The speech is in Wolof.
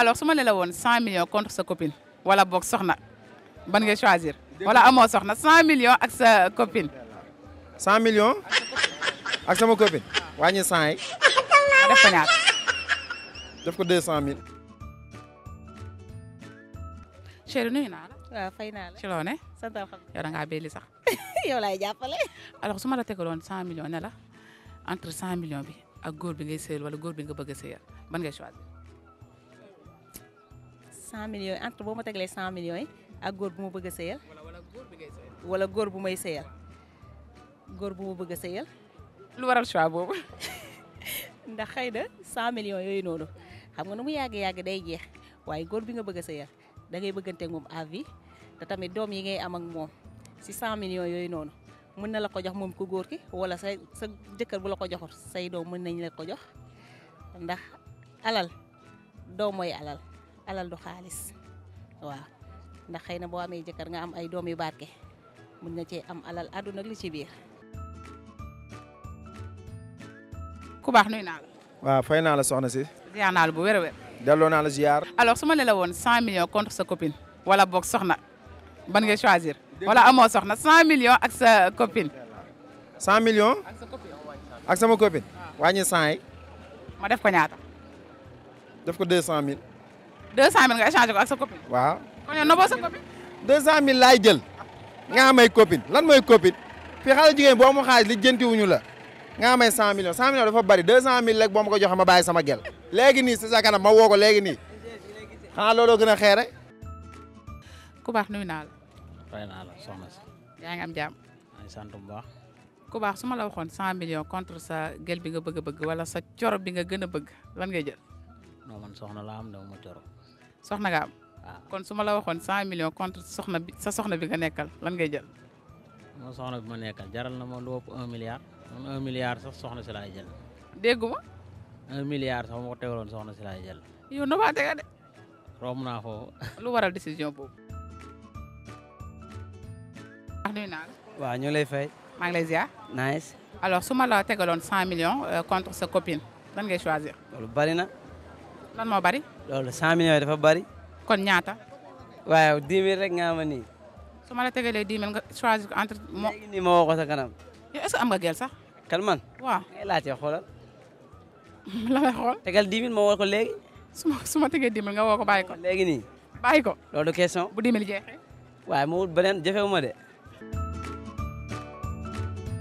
Alors, si je won 100 millions contre sa copine, voilà, box sorna. Bonne que choisir. Voilà, à moi, 100 millions avec sa copine. 100 millions avec sa copine. Wagne 100. Je connais. Je connais 200 000. Chérie, nous, nous, alors, si je 100 millions, entre 100 millions et le gourbing et le gourbing, je vais choisir. 100 millions entre bo ma tegalee 100 millions ak bu bëgg a sëyal. wala góor bi ngay wala góor bu may sëyal góor bu ma lu waral choix boobu. ndax xëy 100 millions yooyu noonu xam nga nu mu yàgg day jeex bi da ngay bëggante ak à vie tamit yi si 100 millions yooyu noonu mën na la ko jox ku ki wala sa sa jëkkër bu la ko joxul say mën nañ la ko jox ndax alal doom moy alal. alal du xaalis waaw ndax xëy na boo amee jëkkër nga am ay doom yu barke mun nga cee am alal àdduna li ci biir. ku baax nuyu naa la. waaw fay naa la soxna si. ziar naa la bu wér-wér. delloo naa la ziar. alors su ma ne la woon cent millions contre sa copine wala boog soxna ban ngay choisir. wala amoo soxna cent million ak sa copine. cent millions. ak sa copine sama copine. waaw cent yi. ma def ko ñaata. def ko deux cent mille. 200000 nga échangé ko sa copine. waaw kon yow noboo sa copine. 200000 laay jël nga may copine lan mooy copine fii xale jigéen boo mu xaaj li jëntiwuñu la nga may 100 millions 100 millions dafa bari 200000 rek boo ma ko joxe ma bàyyi sama gel léegi nii si sa kanam woo ko léegi nii xanaa gën a xeere. ku baax nuyu naa la. fay naa la yaa ngi am jàmm. maa ngi sant bu su ma la waxoon 100 millions contre sa gel bi nga bëgg a bëgg wala sa coro bi nga gën a bëgg lan ngay jël. non man soxna laa am dama ma coro. soxna nga am ah. kon su ma la waxoon cent million contre soxna bi sa soxna bi nga nekkal lan ngay jël. moo soxna bi ma nekkal jaral na ma lu ëpp un milliard man un milliard sax soxna si laay jël. dégguma. un milliard sax ma ko tegaloon soxna si laay jël. yow nu maa tega de. romb naa foofu. lu waral décision boobu. wax nuyu naa la. waaw ñu lay fay. maa ngi lay ziar. nice. alors su la tegaloon cent million euh, contre sa copine lan ngay choisir. loolu bari na. lan moo bari. loolu 100 millions dafa bari. kon ñaata. waaye 10 000 rek nga ma ni suma la tegalee 10 000 nga choisir entre. moo léegi nii ma woo ko sa kanam. yow est am nga gel sax. kan man waaw ngay laajte xoolal. la lay xool tegal 10 000 ma woo léegi. su ma su ma tegee 10 000 nga woo ko bàyyi ko. léegi nii. bàyyi ko loolu question. bu 10 000 waaye ma wut beneen jafewu ma de.